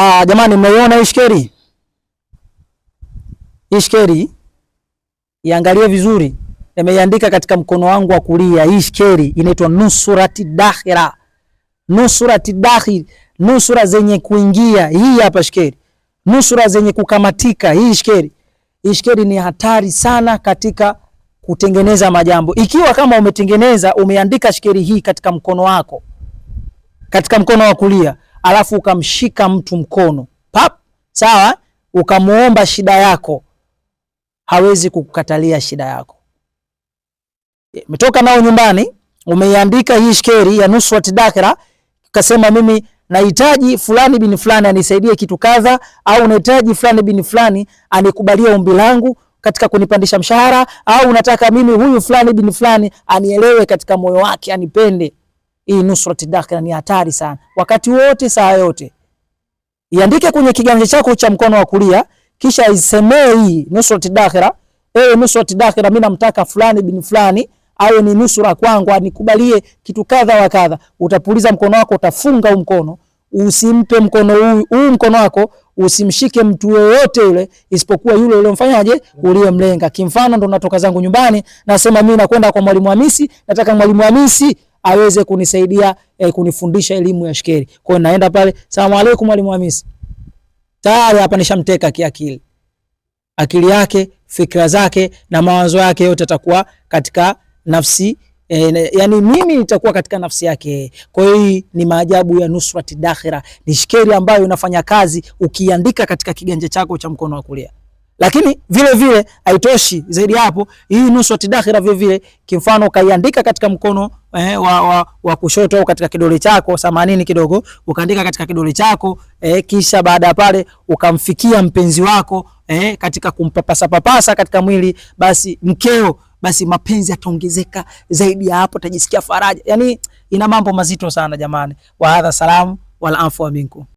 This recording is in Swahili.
Ah, jamani mmeiona hii shikeli? Hii shikeli iangalie vizuri. Nimeiandika katika mkono wangu wa kulia. Hii shkeri inaitwa nusurati dakhira. Nusurati dakhir, nusura zenye kuingia. Hii hapa shkeri. Nusura zenye kukamatika. Hii shkeri. Hii ni hatari sana katika kutengeneza majambo. Ikiwa kama umetengeneza, umeandika shkeri hii katika mkono wako. Katika mkono wa kulia alafu ukamshika mtu mkono pap, sawa, ukamuomba shida yako, hawezi kukukatalia shida yako. Eh, umetoka nao nyumbani, umeiandika hii shkeri ya Nusrat Dakhira, ukasema mimi nahitaji fulani bin fulani anisaidie kitu kadha, au nahitaji fulani bin fulani anikubalie ombi langu katika kunipandisha mshahara, au nataka mimi huyu fulani bin fulani anielewe katika moyo wake anipende. Hii nusrat dakhira ni hatari sana, wakati wote, saa yote. Iandike kwenye kiganja chako cha mkono wa kulia, kisha isemee hii nusrat dakhira. Ewe nusrat dakhira, mimi namtaka fulani bin fulani awe ni nusura kwangu, anikubalie kitu kadha wa kadha. Utapuliza mkono wako, utafunga huu mkono, usimpe mkono huu huu mkono wako usimshike mtu yoyote yule isipokuwa yule uliyomfanyaje, uliyemlenga. Kimfano ndo natoka zangu nyumbani, nasema mimi nakwenda kwa mwalimu Hamisi, nataka mwalimu Hamisi aweze kunisaidia eh, kunifundisha elimu ya shekeri. Kwa hiyo naenda pale, salamu alaykum mwalimu Hamisi. Tayari hapa nishamteka kiakili, akili yake, fikra zake na mawazo yake yote atakuwa katika nafsi E, yani mimi nitakuwa katika nafsi yake. Kwa hiyo hii ni maajabu ya nusrati dakhira, ni shikeri ambayo inafanya kazi ukiandika katika kiganja chako cha mkono wa kulia. Lakini vile vile haitoshi zaidi hapo, hii nusrat dakhira vile vile, kimfano ukaiandika katika mkono eh, wa, wa, wa kushoto au katika kidole chako themanini kidogo ukaandika katika kidole chako eh, kisha baada ya pale ukamfikia mpenzi wako eh, katika kumpapasa papasa katika mwili, basi mkeo basi mapenzi yataongezeka zaidi ya hapo, utajisikia faraja. Yani ina mambo mazito sana jamani. Wa hadha salamu wal afwa minkum.